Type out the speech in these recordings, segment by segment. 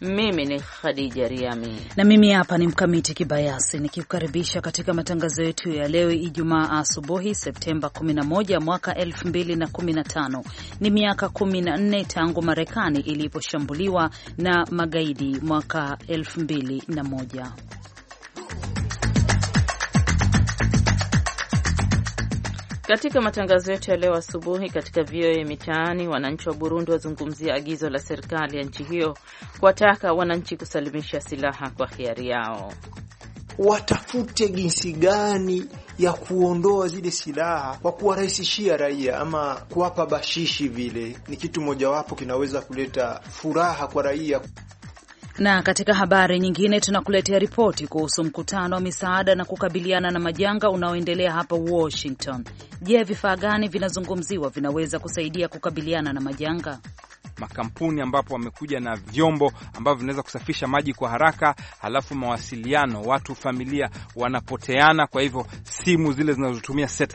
Mimi ni Khadija Riami na mimi hapa ni Mkamiti Kibayasi nikikukaribisha katika matangazo yetu ya leo Ijumaa asubuhi Septemba 11 mwaka 2015. Ni miaka 14 tangu Marekani iliposhambuliwa na magaidi mwaka 2001. Katika matangazo yetu ya leo asubuhi katika VOA Mitaani, wananchi wa Burundi wazungumzia agizo la serikali ya nchi hiyo kuwataka wananchi kusalimisha silaha kwa hiari yao. Watafute jinsi gani ya kuondoa zile silaha kwa kuwarahisishia raia ama kuwapa bashishi, vile ni kitu mojawapo kinaweza kuleta furaha kwa raia. Na katika habari nyingine tunakuletea ripoti kuhusu mkutano wa misaada na kukabiliana na majanga unaoendelea hapa Washington. Je, vifaa gani vinazungumziwa vinaweza kusaidia kukabiliana na majanga? Makampuni ambapo wamekuja na vyombo ambavyo vinaweza kusafisha maji kwa haraka, halafu mawasiliano, watu familia wanapoteana, kwa hivyo simu zile zinazotumia set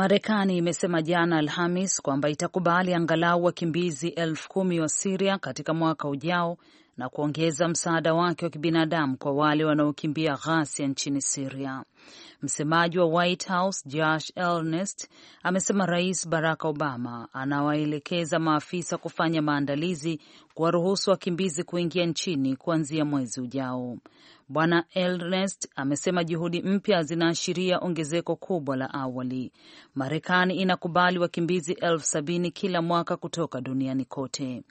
Marekani imesema jana Alhamis kwamba itakubali angalau wakimbizi elfu kumi wa Siria katika mwaka ujao na kuongeza msaada wake wa kibinadamu kwa wale wanaokimbia ghasia nchini Siria. Msemaji wa White House Josh Earnest amesema Rais Barack Obama anawaelekeza maafisa kufanya maandalizi kuwaruhusu wakimbizi kuingia nchini kuanzia mwezi ujao. Bwana Ernest amesema juhudi mpya zinaashiria ongezeko kubwa la awali. Marekani inakubali wakimbizi elfu sabini kila mwaka kutoka duniani kote.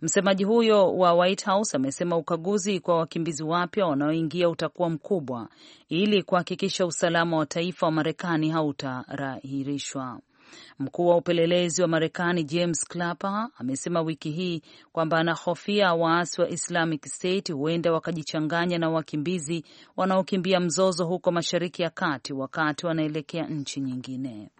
Msemaji huyo wa White House amesema ukaguzi kwa wakimbizi wapya wanaoingia utakuwa mkubwa ili kuhakikisha usalama wa taifa wa Marekani hautarahirishwa. Mkuu wa upelelezi wa Marekani James Clapper amesema wiki hii kwamba anahofia waasi wa Islamic State huenda wakajichanganya na wakimbizi wanaokimbia mzozo huko Mashariki ya Kati wakati wanaelekea nchi nyingine.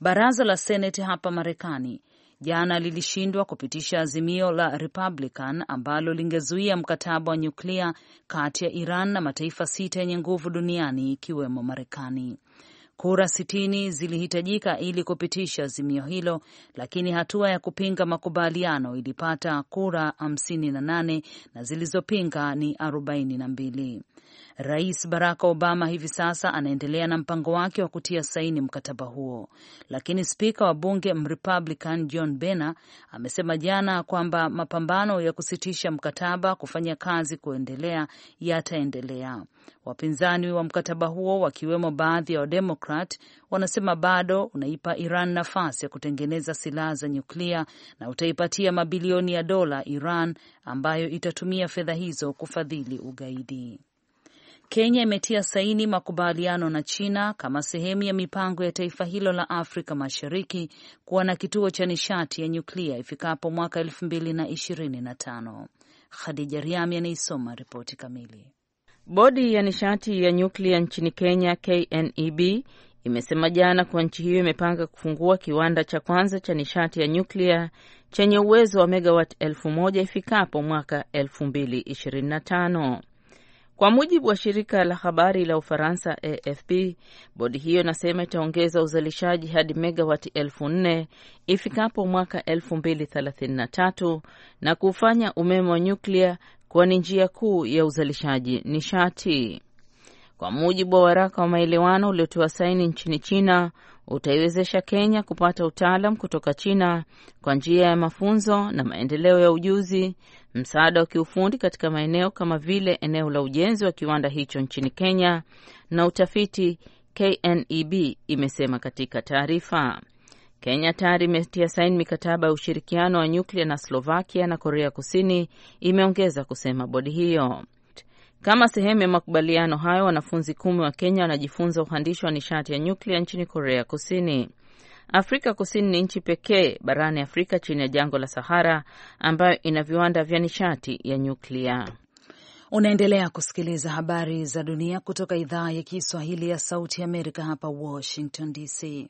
Baraza la Seneti hapa Marekani jana lilishindwa kupitisha azimio la Republican ambalo lingezuia mkataba wa nyuklia kati ya Iran na mataifa sita yenye nguvu duniani ikiwemo Marekani. Kura sitini zilihitajika ili kupitisha azimio hilo, lakini hatua ya kupinga makubaliano ilipata kura hamsini na nane na zilizopinga ni arobaini na mbili. Rais Barack Obama hivi sasa anaendelea na mpango wake wa kutia saini mkataba huo, lakini spika wa bunge Mrepublican John Boehner amesema jana kwamba mapambano ya kusitisha mkataba kufanya kazi kuendelea yataendelea. Wapinzani wa mkataba huo wakiwemo baadhi ya wa Wademokrat wanasema bado unaipa Iran nafasi ya kutengeneza silaha za nyuklia na utaipatia mabilioni ya dola Iran ambayo itatumia fedha hizo kufadhili ugaidi. Kenya imetia saini makubaliano na China kama sehemu ya mipango ya taifa hilo la Afrika Mashariki kuwa na kituo cha nishati ya nyuklia ifikapo mwaka elfu mbili na ishirini na tano. Khadija Riami anaisoma ripoti kamili. Bodi ya nishati ya nyuklia nchini Kenya, KNEB, imesema jana kuwa nchi hiyo imepanga kufungua kiwanda cha kwanza cha nishati ya nyuklia chenye uwezo wa megawati elfu moja ifikapo mwaka elfu mbili ishirini na tano. Kwa mujibu wa shirika la habari la Ufaransa AFP, bodi hiyo inasema itaongeza uzalishaji hadi megawati elfu nne ifikapo mwaka 233 na kuufanya umeme wa nyuklia kuwa ni njia kuu ya uzalishaji nishati. Kwa mujibu wa waraka wa maelewano uliotiwa saini nchini China, utaiwezesha Kenya kupata utaalam kutoka China kwa njia ya mafunzo na maendeleo ya ujuzi, msaada wa kiufundi katika maeneo kama vile eneo la ujenzi wa kiwanda hicho nchini Kenya na utafiti, KNEB imesema katika taarifa. Kenya tayari imetia saini mikataba ya ushirikiano wa nyuklia na Slovakia na Korea Kusini, imeongeza kusema bodi hiyo. Kama sehemu ya makubaliano hayo, wanafunzi kumi wa Kenya wanajifunza uhandishi wa nishati ya nyuklia nchini Korea Kusini. Afrika Kusini ni nchi pekee barani Afrika chini ya jangwa la Sahara ambayo ina viwanda vya nishati ya nyuklia. Unaendelea kusikiliza habari za dunia kutoka idhaa ya Kiswahili ya Sauti ya Amerika hapa Washington DC.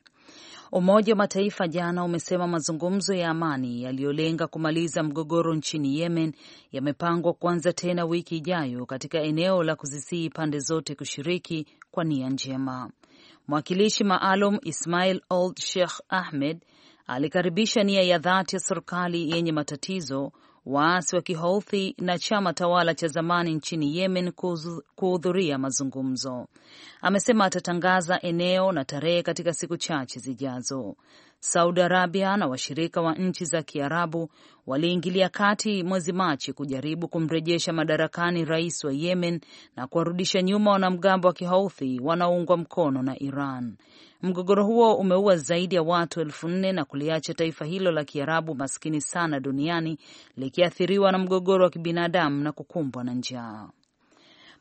Umoja wa Mataifa jana umesema mazungumzo ya amani yaliyolenga kumaliza mgogoro nchini Yemen yamepangwa kuanza tena wiki ijayo katika eneo la kuzisii pande zote kushiriki kwa nia njema. Mwakilishi maalum Ismail Old Sheikh Ahmed alikaribisha nia ya dhati ya serikali yenye matatizo waasi wa Kihouthi na chama tawala cha zamani nchini Yemen kuhudhuria mazungumzo. Amesema atatangaza eneo na tarehe katika siku chache zijazo. Saudi Arabia na washirika wa nchi za Kiarabu waliingilia kati mwezi Machi kujaribu kumrejesha madarakani rais wa Yemen na kuwarudisha nyuma wanamgambo wa Kihouthi wanaoungwa mkono na Iran. Mgogoro huo umeua zaidi ya watu elfu nne na kuliacha taifa hilo la Kiarabu maskini sana duniani likiathiriwa na mgogoro wa kibinadamu na kukumbwa na njaa.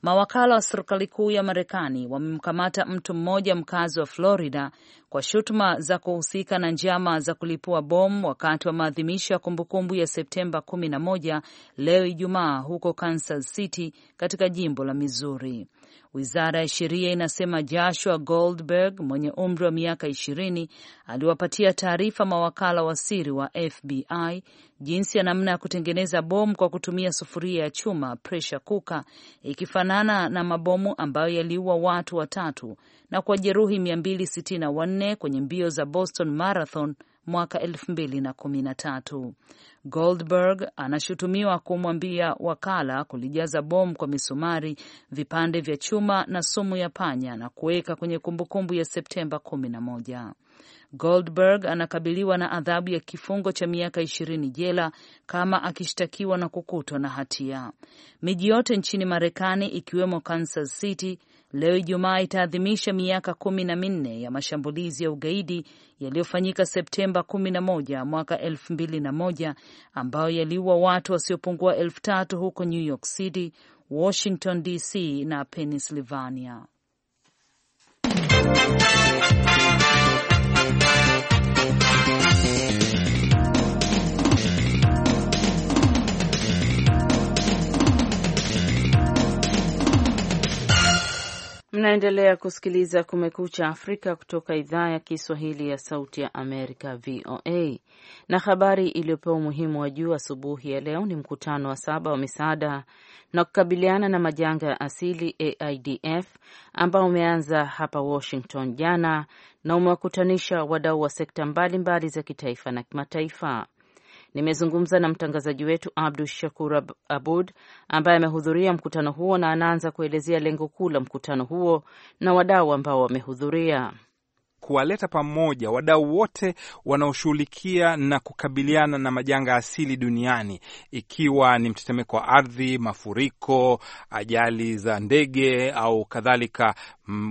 Mawakala wa serikali kuu ya Marekani wamemkamata mtu mmoja mkazi wa Florida kwa shutuma za kuhusika na njama za kulipua bomu wakati wa maadhimisho ya kumbukumbu ya Septemba 11 leo Ijumaa huko Kansas City katika jimbo la Missouri. Wizara ya sheria inasema Joshua Goldberg mwenye umri wa miaka ishirini aliwapatia taarifa mawakala wa siri wa FBI jinsi ya namna ya kutengeneza bomu kwa kutumia sufuria ya chuma pressure cooker, ikifanana na mabomu ambayo yaliua watu watatu na kwa jeruhi 264 kwenye mbio za Boston Marathon mwaka 2013. Goldberg anashutumiwa kumwambia wakala kulijaza bomu kwa misumari, vipande vya chuma na sumu ya panya na kuweka kwenye kumbukumbu ya Septemba moja. Goldberg anakabiliwa na adhabu ya kifungo cha miaka ishirini jela kama akishtakiwa na kukutwa na hatia. Miji yote nchini Marekani ikiwemo Kansas City leo Ijumaa itaadhimisha miaka kumi na minne ya mashambulizi ya ugaidi yaliyofanyika Septemba kumi na moja mwaka elfu mbili na moja ambayo yaliua watu wasiopungua elfu tatu huko New York City, Washington DC na Pennsylvania. Mnaendelea kusikiliza Kumekucha Afrika kutoka idhaa ya Kiswahili ya Sauti ya Amerika, VOA. Na habari iliyopewa umuhimu wa juu asubuhi ya leo ni mkutano wa saba wa misaada na kukabiliana na majanga ya asili AIDF ambao umeanza hapa Washington jana na umewakutanisha wadau wa sekta mbalimbali mbali za kitaifa na kimataifa. Nimezungumza na mtangazaji wetu Abdu Shakur Abud ambaye amehudhuria mkutano huo na anaanza kuelezea lengo kuu la mkutano huo na wadau ambao wamehudhuria kuwaleta pamoja wadau wote wanaoshughulikia na kukabiliana na majanga asili duniani, ikiwa ni mtetemeko wa ardhi, mafuriko, ajali za ndege au kadhalika,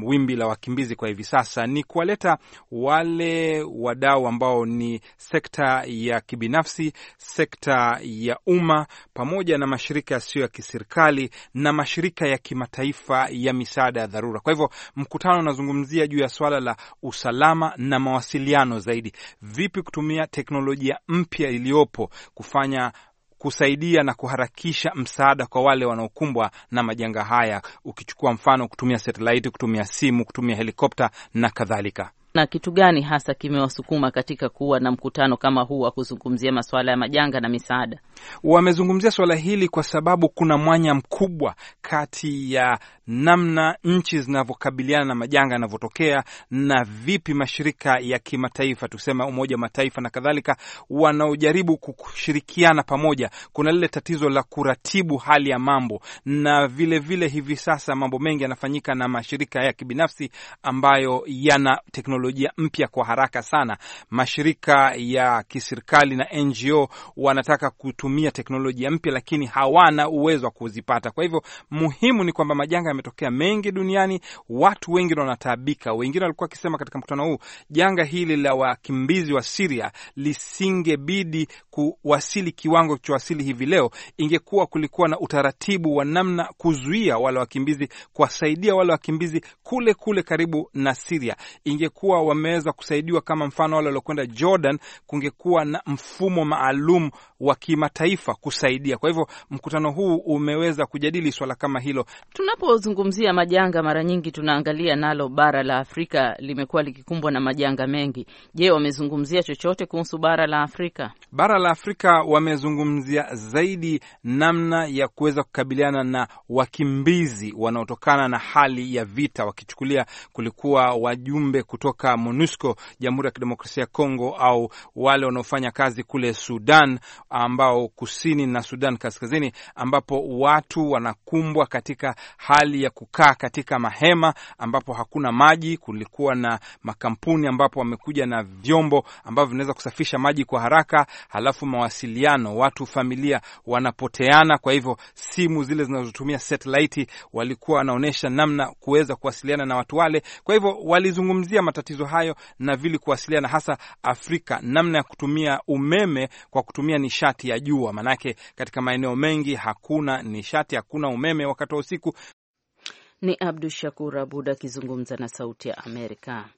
wimbi la wakimbizi kwa hivi sasa ni kuwaleta wale wadau ambao ni sekta ya kibinafsi, sekta ya umma, pamoja na mashirika yasiyo ya kiserikali na mashirika ya kimataifa ya misaada ya dharura. Kwa hivyo mkutano unazungumzia juu ya swala la usalama na mawasiliano zaidi, vipi kutumia teknolojia mpya iliyopo kufanya kusaidia na kuharakisha msaada kwa wale wanaokumbwa na majanga haya, ukichukua mfano kutumia satelaiti, kutumia simu, kutumia helikopta na kadhalika na kitu gani hasa kimewasukuma katika kuwa na mkutano kama huu wa kuzungumzia masuala ya majanga na misaada? Wamezungumzia suala hili kwa sababu kuna mwanya mkubwa kati ya namna nchi zinavyokabiliana na majanga yanavyotokea na vipi mashirika ya kimataifa tusema, Umoja wa Mataifa na kadhalika, wanaojaribu kushirikiana pamoja. Kuna lile tatizo la kuratibu hali ya mambo, na vilevile vile hivi sasa mambo mengi yanafanyika na mashirika ya kibinafsi ambayo yana teknolojia teknolojia mpya kwa haraka sana. Mashirika ya kiserikali na NGO wanataka kutumia teknolojia mpya, lakini hawana uwezo wa kuzipata. Kwa hivyo, muhimu ni kwamba majanga yametokea mengi duniani, watu wengi wanataabika. Wengine walikuwa wakisema katika mkutano huu, janga hili la wakimbizi wa Siria lisingebidi kuwasili kiwango kichowasili hivi leo, ingekuwa kulikuwa na utaratibu wa namna kuzuia wale wakimbizi, kuwasaidia wale wakimbizi kule kule karibu na Siria, ingekuwa wangekuwa wameweza kusaidiwa kama mfano wale waliokwenda Jordan, kungekuwa na mfumo maalum wa kimataifa kusaidia. Kwa hivyo mkutano huu umeweza kujadili swala kama hilo. Tunapozungumzia majanga, mara nyingi tunaangalia nalo bara la Afrika limekuwa likikumbwa na majanga mengi. Je, wamezungumzia chochote kuhusu bara la Afrika? Bara la Afrika wamezungumzia zaidi namna ya kuweza kukabiliana na wakimbizi wanaotokana na hali ya vita, wakichukulia kulikuwa wajumbe kutoka kutoka MONUSCO, Jamhuri ya Kidemokrasia ya Kongo, au wale wanaofanya kazi kule Sudan, ambao kusini na Sudan Kaskazini, ambapo watu wanakumbwa katika hali ya kukaa katika mahema, ambapo hakuna maji. Kulikuwa na makampuni ambapo wamekuja na vyombo ambavyo vinaweza kusafisha maji kwa haraka, halafu mawasiliano, watu familia wanapoteana. Kwa hivyo simu zile zinazotumia satelaiti walikuwa wanaonyesha namna kuweza kuwasiliana na watu wale. Kwa hivyo walizungumzia matatizo matatizo hayo na vile kuwasiliana, hasa Afrika, namna ya kutumia umeme kwa kutumia nishati ya jua, maanake katika maeneo mengi hakuna nishati, hakuna umeme wakati wa usiku. Ni Abdu Shakur Abud akizungumza na Sauti ya Amerika.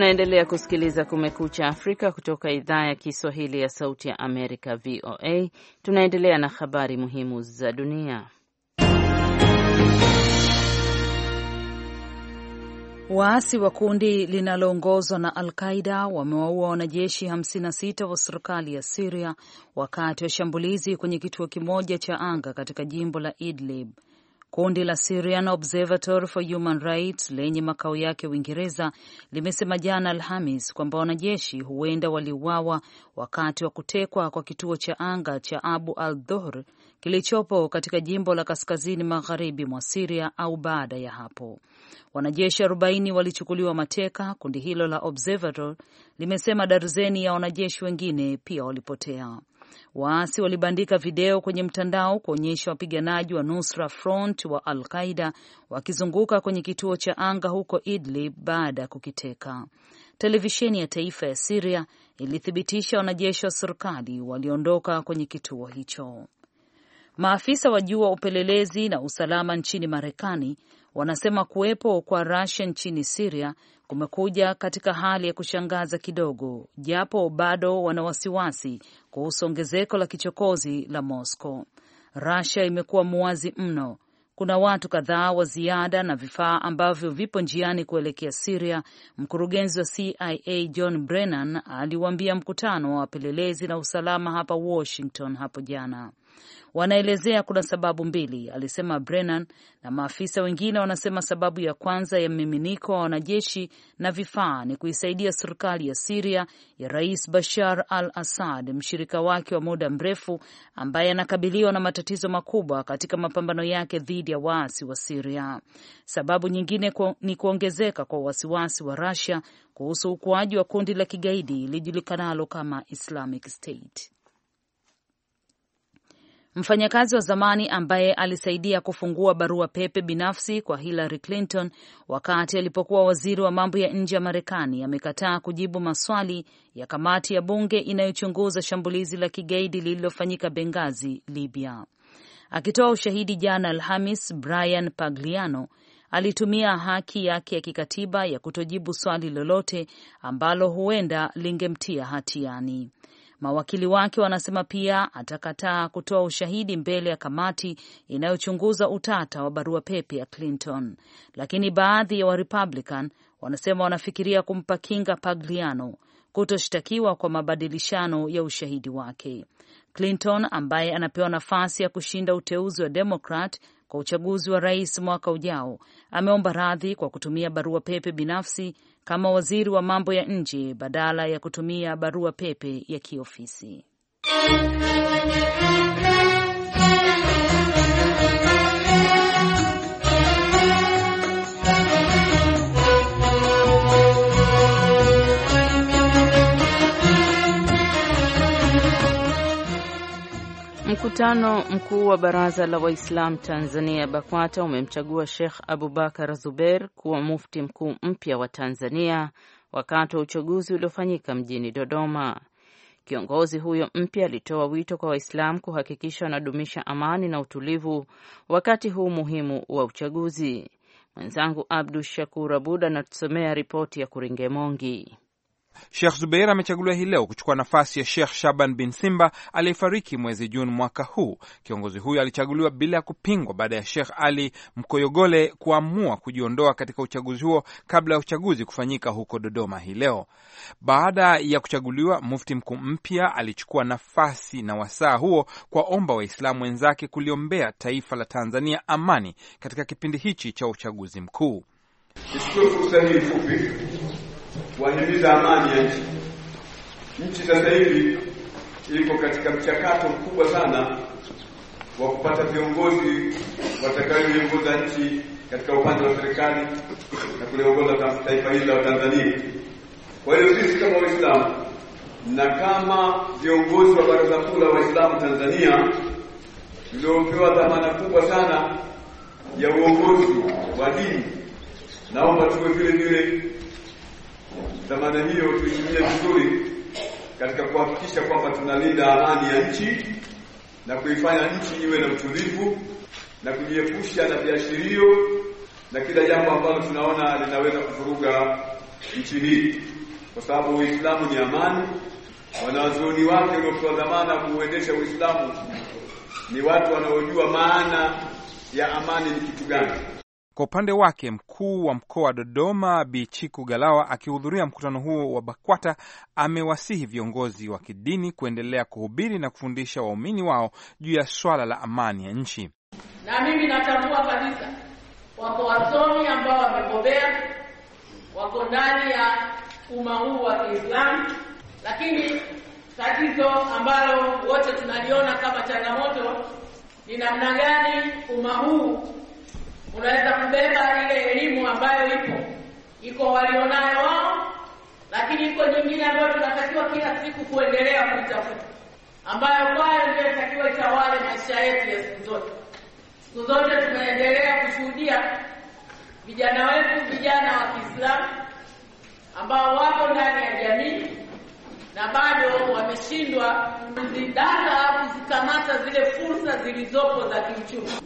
Mnaendelea kusikiliza Kumekucha Afrika kutoka idhaa ya Kiswahili ya Sauti ya Amerika, VOA. Tunaendelea na habari muhimu za dunia. Waasi wa kundi linaloongozwa na Al Qaida wamewaua wanajeshi 56 wa serikali ya Siria wakati wa shambulizi kwenye kituo kimoja cha anga katika jimbo la Idlib. Kundi la Syrian Observatory for Human Rights lenye makao yake Uingereza limesema jana Alhamis kwamba wanajeshi huenda waliuawa wakati wa kutekwa kwa kituo cha anga cha Abu al Dhuhr kilichopo katika jimbo la kaskazini magharibi mwa Siria au baada ya hapo. Wanajeshi 40 walichukuliwa mateka, kundi hilo la Observatory limesema. Darzeni ya wanajeshi wengine pia walipotea. Waasi walibandika video kwenye mtandao kuonyesha wapiganaji wa Nusra Front wa Al Qaida wakizunguka kwenye kituo cha anga huko Idlib baada ya kukiteka. Televisheni ya taifa ya Siria ilithibitisha wanajeshi wa serikali waliondoka kwenye kituo hicho. Maafisa wa juu wa upelelezi na usalama nchini Marekani wanasema kuwepo kwa Russia nchini Siria kumekuja katika hali ya kushangaza kidogo, japo bado wana wasiwasi kuhusu ongezeko la kichokozi la Moscow. Russia imekuwa muwazi mno. Kuna watu kadhaa wa ziada na vifaa ambavyo vipo njiani kuelekea Siria, mkurugenzi wa CIA John Brennan aliwaambia mkutano wa wapelelezi na usalama hapa Washington hapo jana. Wanaelezea kuna sababu mbili, alisema Brennan, na maafisa wengine wanasema sababu ya kwanza ya mmiminiko wa wanajeshi na vifaa ni kuisaidia serikali ya Siria ya Rais Bashar al Assad, mshirika wake wa muda mrefu ambaye anakabiliwa na matatizo makubwa katika mapambano yake dhidi ya waasi wa Siria. Sababu nyingine ni kuongezeka kwa wasiwasi wa rasia kuhusu ukuaji wa kundi la kigaidi lijulikanalo kama Islamic State. Mfanyakazi wa zamani ambaye alisaidia kufungua barua pepe binafsi kwa Hillary Clinton wakati alipokuwa waziri wa mambo ya nje ya Marekani amekataa kujibu maswali ya kamati ya bunge inayochunguza shambulizi la kigaidi lililofanyika bengazi Libya. Akitoa ushahidi jana Alhamis, Brian Pagliano alitumia haki yake ya kikatiba ya kutojibu swali lolote ambalo huenda lingemtia hatiani. Mawakili wake wanasema pia atakataa kutoa ushahidi mbele ya kamati inayochunguza utata wa barua pepe ya Clinton, lakini baadhi ya Warepublican wanasema wanafikiria kumpa kinga Pagliano kutoshtakiwa kwa mabadilishano ya ushahidi wake. Clinton ambaye anapewa nafasi ya kushinda uteuzi wa Demokrat kwa uchaguzi wa rais mwaka ujao ameomba radhi kwa kutumia barua pepe binafsi kama waziri wa mambo ya nje badala ya kutumia barua pepe ya kiofisi. Mkutano mkuu wa Baraza la waislam Tanzania BAKWATA umemchagua Sheikh Abubakar Zubeir kuwa mufti mkuu mpya wa Tanzania wakati wa uchaguzi uliofanyika mjini Dodoma. Kiongozi huyo mpya alitoa wito kwa waislam kuhakikisha wanadumisha amani na utulivu wakati huu muhimu wa uchaguzi. Mwenzangu Abdu Shakur Abud anatusomea ripoti ya Kuringemongi shekh Zubeir amechaguliwa hii leo kuchukua nafasi ya shekh Shaban bin Simba aliyefariki mwezi Juni mwaka huu. Kiongozi huyo alichaguliwa bila ya kupingwa baada ya Shekh Ali Mkoyogole kuamua kujiondoa katika uchaguzi huo kabla ya uchaguzi kufanyika huko Dodoma hii leo. Baada ya kuchaguliwa, mufti mkuu mpya alichukua nafasi na wasaa huo kuwaomba Waislamu wenzake kuliombea taifa la Tanzania amani katika kipindi hichi cha uchaguzi mkuu. Nichukue fursa hii fupi wahimiza amani ya nchi. Nchi sasa hivi iko katika mchakato mkubwa sana wa kupata viongozi watakaoiongoza nchi katika upande wa serikali na kuliongoza taifa hili la Tanzania. Kwa hiyo sisi kama Waislamu na kama viongozi wa Baraza Kuu la Waislamu Tanzania tuliopewa dhamana kubwa sana ya uongozi wa dini, naomba tuwe vile vile Dhamana hiyo tuitumie vizuri katika kuhakikisha kwamba tunalinda amani ya nchi na kuifanya nchi iwe na utulivu na kujiepusha na viashirio na kila jambo ambalo tunaona linaweza kuvuruga nchi hii, kwa sababu Uislamu ni amani. Wanazuoni wake waliopewa dhamana kuuendesha Uislamu ni watu wanaojua maana ya amani ni kitu gani. Kwa upande wake mkuu wa mkoa wa Dodoma bichiku Galawa akihudhuria mkutano huo wa BAKWATA amewasihi viongozi wa kidini kuendelea kuhubiri na kufundisha waumini wao juu ya swala la amani ya nchi. Na mimi natambua kabisa wako wasomi ambao wamebobea, wako ndani ya umma huu wa Kiislamu, lakini tatizo ambalo wote tunaliona kama changamoto ni namna gani umma huu unaweza kubeba ile elimu ambayo ipo iko walionayo wao, lakini iko nyingine ambayo tunatakiwa kila siku kuendelea kuitafuta, ambayo kwayo ndio inatakiwa itawale maisha yetu ya siku zote. Siku zote tunaendelea kushuhudia vijana wetu, vijana wa Kiislamu ambao wapo ndani ya jamii na bado wameshindwa kuzidaka au kuzikamata zile fursa zilizopo za kiuchumi.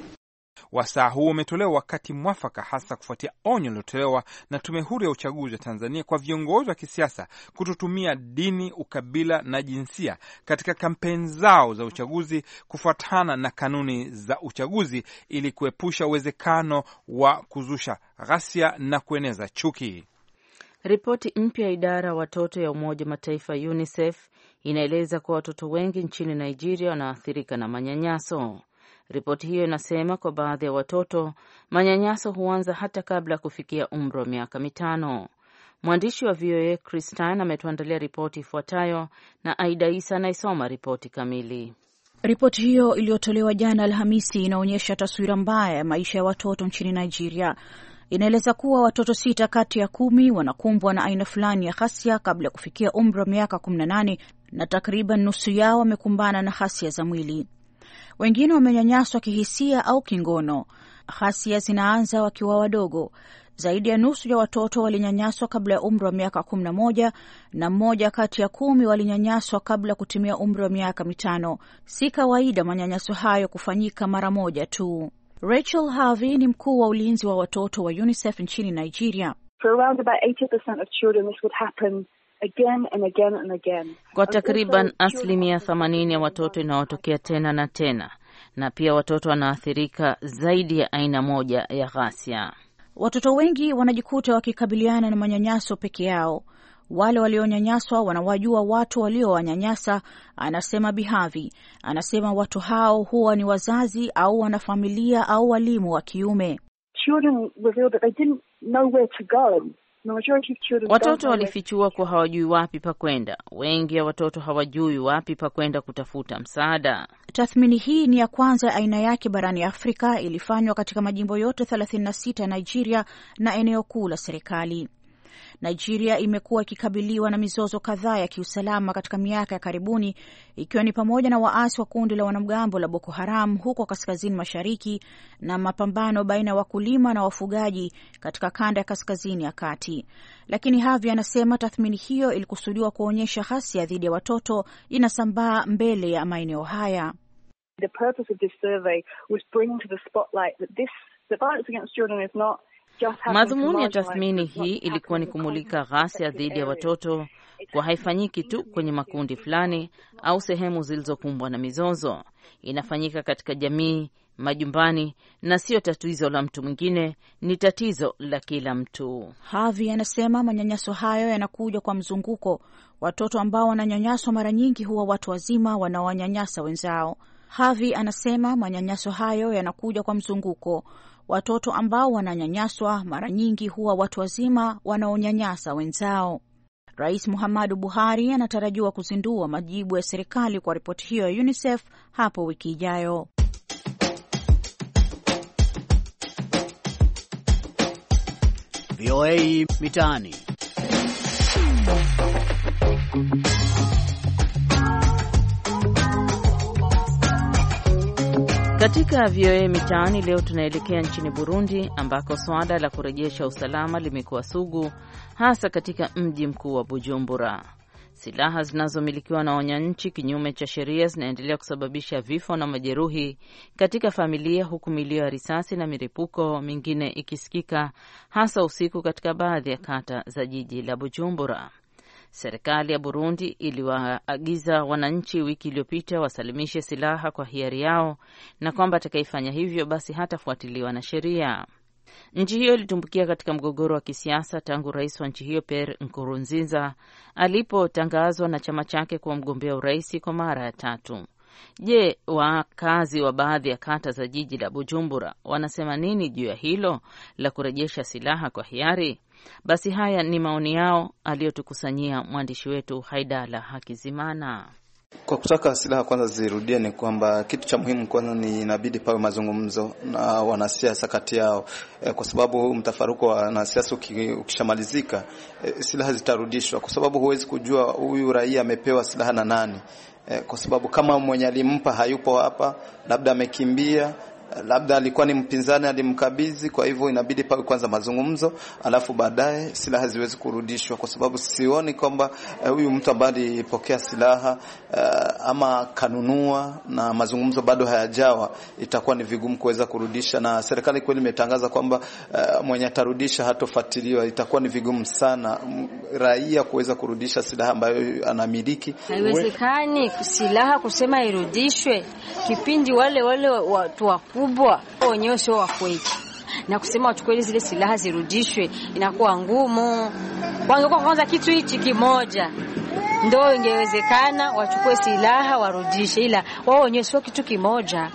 Wasaa huo umetolewa wakati mwafaka, hasa kufuatia onyo lilotolewa na Tume Huru ya Uchaguzi wa Tanzania kwa viongozi wa kisiasa kutotumia dini, ukabila na jinsia katika kampeni zao za uchaguzi kufuatana na kanuni za uchaguzi ili kuepusha uwezekano wa kuzusha ghasia na kueneza chuki. Ripoti mpya ya idara ya watoto ya Umoja Mataifa UNICEF inaeleza kuwa watoto wengi nchini Nigeria wanaathirika na manyanyaso. Ripoti hiyo inasema kwa baadhi ya watoto manyanyaso huanza hata kabla ya kufikia umri wa miaka mitano. Mwandishi wa VOA Christine ametuandalia ripoti ifuatayo na Aida Isa anaisoma ripoti kamili. Ripoti hiyo iliyotolewa jana Alhamisi inaonyesha taswira mbaya ya maisha ya watoto nchini Nigeria. Inaeleza kuwa watoto sita kati ya kumi wanakumbwa na aina fulani ya ghasia kabla ya kufikia umri wa miaka 18 na takriban nusu yao wamekumbana na ghasia za mwili. Wengine wamenyanyaswa kihisia au kingono. Ghasia zinaanza wakiwa wadogo. Zaidi ya nusu ya watoto walinyanyaswa kabla ya umri wa miaka kumi na moja na mmoja kati ya kumi walinyanyaswa kabla ya kutimia umri wa miaka mitano. Si kawaida manyanyaso hayo kufanyika mara moja tu. Rachel Harvey ni mkuu wa ulinzi wa watoto wa UNICEF nchini Nigeria. For around about 80% of children this would happen again and again and again. Kwa takriban asilimia themanini ya watoto inaotokea tena na tena, na pia watoto wanaathirika zaidi ya aina moja ya ghasia. Watoto wengi wanajikuta wakikabiliana na manyanyaso peke yao. Wale walionyanyaswa wanawajua watu waliowanyanyasa, anasema Bihavi. Anasema watu hao huwa ni wazazi au wanafamilia au walimu wa kiume. Children that they didn't know where to go. Watoto walifichua kuwa hawajui wapi pa kwenda. Wengi ya watoto hawajui wapi pa kwenda kutafuta msaada. Tathmini hii ni ya kwanza ya aina yake barani Afrika, ilifanywa katika majimbo yote 36 ya Nigeria na eneo kuu la serikali. Nigeria imekuwa ikikabiliwa na mizozo kadhaa ya kiusalama katika miaka ya karibuni, ikiwa ni pamoja na waasi wa kundi la wanamgambo la Boko Haram huko kaskazini mashariki na mapambano baina ya wakulima na wafugaji katika kanda ya kaskazini ya kati. Lakini Havi anasema tathmini hiyo ilikusudiwa kuonyesha ghasia dhidi ya watoto inasambaa mbele ya maeneo haya. The purpose of this survey was to the spotlight that this, that violence against children is not Madhumuni ya tathmini hii ilikuwa ni kumulika ghasia dhidi ya watoto kwa haifanyiki tu kwenye makundi fulani au sehemu zilizokumbwa na mizozo. Inafanyika katika jamii, majumbani, na siyo tatizo la mtu mwingine, ni tatizo la kila mtu. Havi anasema manyanyaso hayo yanakuja kwa mzunguko. Watoto ambao wananyanyaswa mara nyingi huwa watu wazima wanaowanyanyasa wenzao. Havi anasema manyanyaso hayo yanakuja kwa mzunguko. Watoto ambao wananyanyaswa mara nyingi huwa watu wazima wanaonyanyasa wenzao. Rais Muhammadu Buhari anatarajiwa kuzindua majibu ya serikali kwa ripoti hiyo ya UNICEF hapo wiki ijayo. VOA Mitaani. Katika VOA Mitaani leo tunaelekea nchini Burundi ambako swala la kurejesha usalama limekuwa sugu, hasa katika mji mkuu wa Bujumbura. Silaha zinazomilikiwa na wananchi kinyume cha sheria zinaendelea kusababisha vifo na majeruhi katika familia, huku milio ya risasi na milipuko mingine ikisikika hasa usiku katika baadhi ya kata za jiji la Bujumbura. Serikali ya Burundi iliwaagiza wananchi wiki iliyopita wasalimishe silaha kwa hiari yao na kwamba atakayefanya hivyo basi hatafuatiliwa na sheria. Nchi hiyo ilitumbukia katika mgogoro wa kisiasa tangu rais wa nchi hiyo Pierre Nkurunziza alipotangazwa na chama chake kuwa mgombea urais kwa mara ya tatu. Je, wakazi wa baadhi ya kata za jiji la Bujumbura wanasema nini juu ya hilo la kurejesha silaha kwa hiari? Basi haya ni maoni yao aliyotukusanyia mwandishi wetu Haidala Hakizimana. Kwa kutaka silaha kwanza zirudie, ni kwamba kitu cha muhimu kwanza ni inabidi pawe mazungumzo na wanasiasa kati yao e, kwa sababu mtafaruko wa wanasiasa ukishamalizika, e, silaha zitarudishwa, kwa sababu huwezi kujua huyu raia amepewa silaha na nani. E, kwa sababu kama mwenye alimpa hayupo hapa, labda amekimbia labda alikuwa ni mpinzani alimkabidhi, kwa hivyo inabidi pawe kwanza mazungumzo, alafu baadaye silaha ziwezi kurudishwa, kwa sababu sioni kwamba eh, huyu uh, mtu ambaye alipokea silaha uh, ama kanunua na mazungumzo bado hayajawa, itakuwa ni vigumu kuweza kurudisha, na serikali kweli imetangaza kwamba uh, mwenye atarudisha hatofuatiliwa. Itakuwa ni vigumu sana mm, raia kuweza kurudisha silaha ambayo anamiliki. Haiwezekani silaha kusema irudishwe kipindi wale wale watu wa kubwa waonyesho wa kweli na kusema wachukueli zile silaha zirudishwe inakuwa ngumu. Wangekuwa kwanza kitu hichi kimoja ndo ingewezekana, wachukue silaha warudishe, ila wao sio kitu kimoja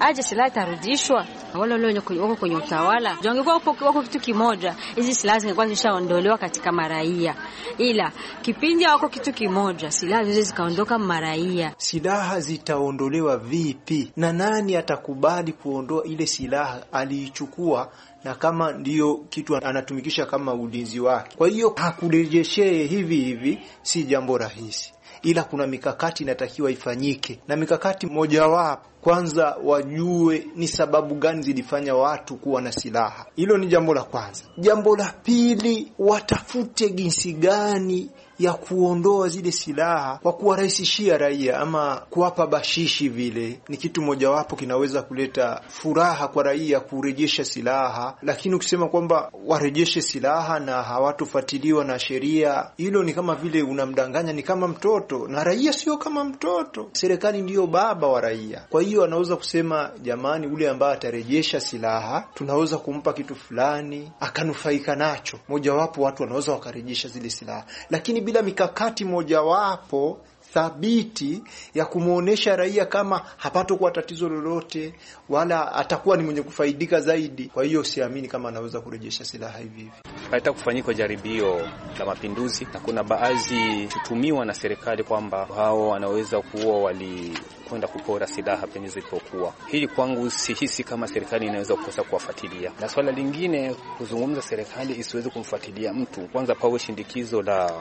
aje silaha itarudishwa wale wale wako kwenye utawala. Wangekuwa wako kitu kimoja, hizi silaha zingekuwa zishaondolewa katika maraia, ila kipindi wako kitu kimoja, silaha zote zikaondoka maraia. Silaha zitaondolewa vipi na nani atakubali kuondoa ile silaha aliichukua na kama ndiyo kitu anatumikisha kama ulinzi wake. Kwa hiyo hakurejeshee hivi hivi, si jambo rahisi, ila kuna mikakati inatakiwa ifanyike, na mikakati mojawapo kwanza wajue ni sababu gani zilifanya watu kuwa na silaha. Hilo ni jambo la kwanza. Jambo la pili, watafute jinsi gani ya kuondoa zile silaha kwa kuwarahisishia raia ama kuwapa bashishi, vile ni kitu mojawapo kinaweza kuleta furaha kwa raia kurejesha silaha. Lakini ukisema kwamba warejeshe silaha na hawatofuatiliwa na sheria, hilo ni kama vile unamdanganya, ni kama mtoto, na raia sio kama mtoto. Serikali ndiyo baba wa raia, kwa hiyo anaweza kusema jamani, ule ambaye atarejesha silaha tunaweza kumpa kitu fulani akanufaika nacho. Mojawapo watu wanaweza wakarejesha zile silaha, lakini bila mikakati mojawapo thabiti ya kumwonyesha raia kama hapatokuwa tatizo lolote wala atakuwa ni mwenye kufaidika zaidi. Kwa hiyo siamini kama anaweza kurejesha silaha hivi hivi. Hata kufanyika jaribio la mapinduzi, na kuna baadhi kutumiwa na serikali kwamba hao wanaweza kuwa walikwenda kupora silaha penye zilipokuwa. Hili kwangu sihisi kama serikali inaweza kukosa kuwafuatilia, na swala lingine kuzungumza serikali isiweze kumfuatilia mtu, kwanza pawe shindikizo la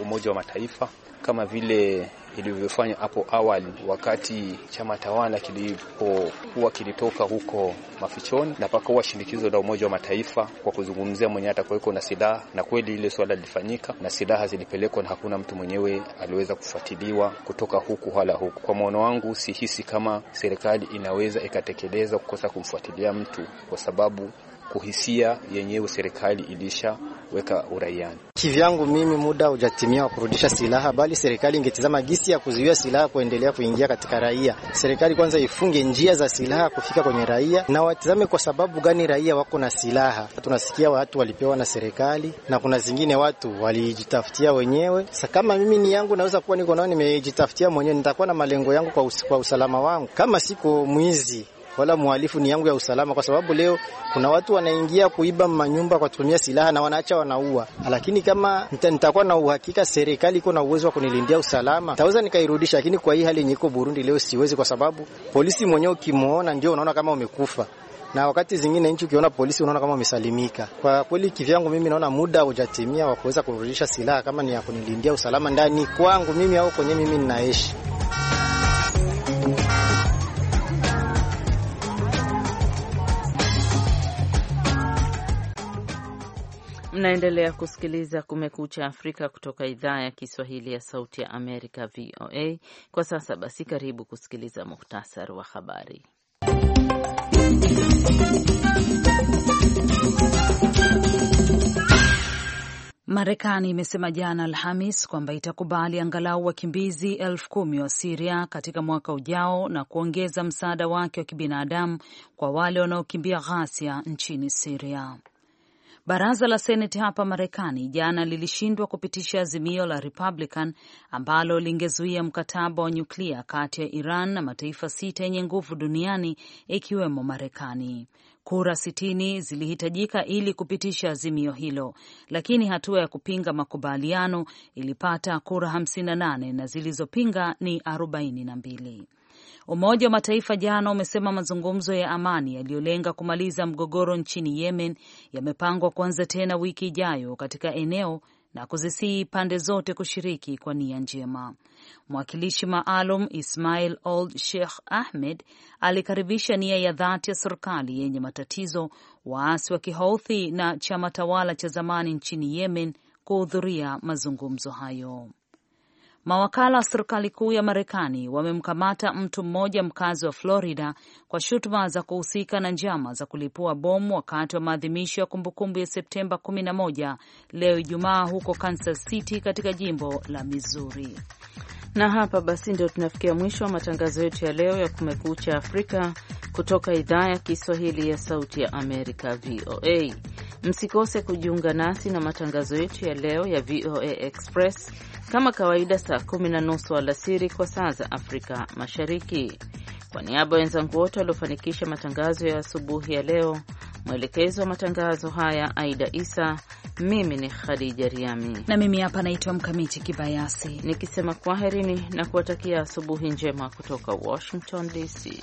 Umoja wa Mataifa kama vile ilivyofanya hapo awali wakati chama tawala kilipokuwa kilitoka huko mafichoni na pakawa shinikizo la Umoja wa Mataifa kwa kuzungumzia mwenye atakuweko na silaha, na kweli ile swala lilifanyika na silaha zilipelekwa, na hakuna mtu mwenyewe aliweza kufuatiliwa kutoka huku wala huku. Kwa maono wangu, sihisi kama serikali inaweza ikatekeleza kukosa kumfuatilia mtu, kwa sababu kuhisia yenyewe serikali ilisha kuweka uraiani. Kivyangu mimi, muda hujatimia wa kurudisha silaha, bali serikali ingetizama gisi ya kuzuia silaha kuendelea kuingia katika raia. Serikali kwanza ifunge njia za silaha kufika kwenye raia na watizame kwa sababu gani raia wako na silaha. Tunasikia watu walipewa na serikali na kuna zingine watu walijitafutia wenyewe. Sa kama mimi ni yangu, naweza kuwa niko nao nimejitafutia mwenyewe, nitakuwa na malengo yangu kwa, us kwa usalama wangu. Kama siko mwizi wala muhalifu ni yangu ya usalama, kwa sababu leo kuna watu wanaingia kuiba manyumba kwa kutumia silaha na wanaacha wanaua. Lakini kama nitakuwa na uhakika serikali iko na uwezo wa kunilindia usalama, taweza nikairudisha. Lakini kwa hii hali yenyeko Burundi leo siwezi, kwa sababu polisi mwenyewe ukimwona ndio unaona kama umekufa na wakati zingine nchi ukiona polisi unaona kama umesalimika. Kwa kweli, kivyangu mimi naona muda hujatimia wa kuweza kurudisha silaha kama ni ya kunilindia usalama ndani kwangu mimi au kwenye mimi ninaishi. Mnaendelea kusikiliza Kumekucha Afrika kutoka idhaa ya Kiswahili ya Sauti ya Amerika, VOA. Kwa sasa basi, karibu kusikiliza muhtasari wa habari. Marekani imesema jana Alhamis kwamba itakubali angalau wakimbizi elfu kumi wa Siria katika mwaka ujao na kuongeza msaada wake wa kibinadamu kwa wale wanaokimbia ghasia nchini Siria. Baraza la Seneti hapa Marekani jana lilishindwa kupitisha azimio la Republican ambalo lingezuia mkataba wa nyuklia kati ya Iran na mataifa sita yenye nguvu duniani ikiwemo Marekani. Kura sitini zilihitajika ili kupitisha azimio hilo, lakini hatua ya kupinga makubaliano ilipata kura 58 na zilizopinga ni 42. Umoja wa Mataifa jana umesema mazungumzo ya amani yaliyolenga kumaliza mgogoro nchini Yemen yamepangwa kuanza tena wiki ijayo katika eneo na kuzisihi pande zote kushiriki kwa nia njema. Mwakilishi maalum Ismail Old Sheikh Ahmed alikaribisha nia ya dhati ya serikali yenye matatizo, waasi wa Kihouthi na chama tawala cha zamani nchini Yemen kuhudhuria mazungumzo hayo. Mawakala wa serikali kuu ya Marekani wamemkamata mtu mmoja mkazi wa Florida kwa shutuma za kuhusika na njama za kulipua bomu wakati wa maadhimisho ya kumbukumbu ya Septemba 11 leo Ijumaa huko Kansas City katika jimbo la Missouri. Na hapa basi ndio tunafikia mwisho wa matangazo yetu ya leo ya Kumekucha Afrika kutoka idhaa ya Kiswahili ya Sauti ya Amerika, VOA. Msikose kujiunga nasi na matangazo yetu ya leo ya VOA Express kama kawaida saa kumi na nusu alasiri kwa saa za Afrika Mashariki. Kwa niaba ya wenzangu wote waliofanikisha matangazo ya asubuhi ya leo, mwelekezi wa matangazo haya Aida Isa, mimi ni Khadija Riami na mimi hapa naitwa Mkamiti Kibayasi nikisema kwaherini na kuwatakia asubuhi njema kutoka Washington DC.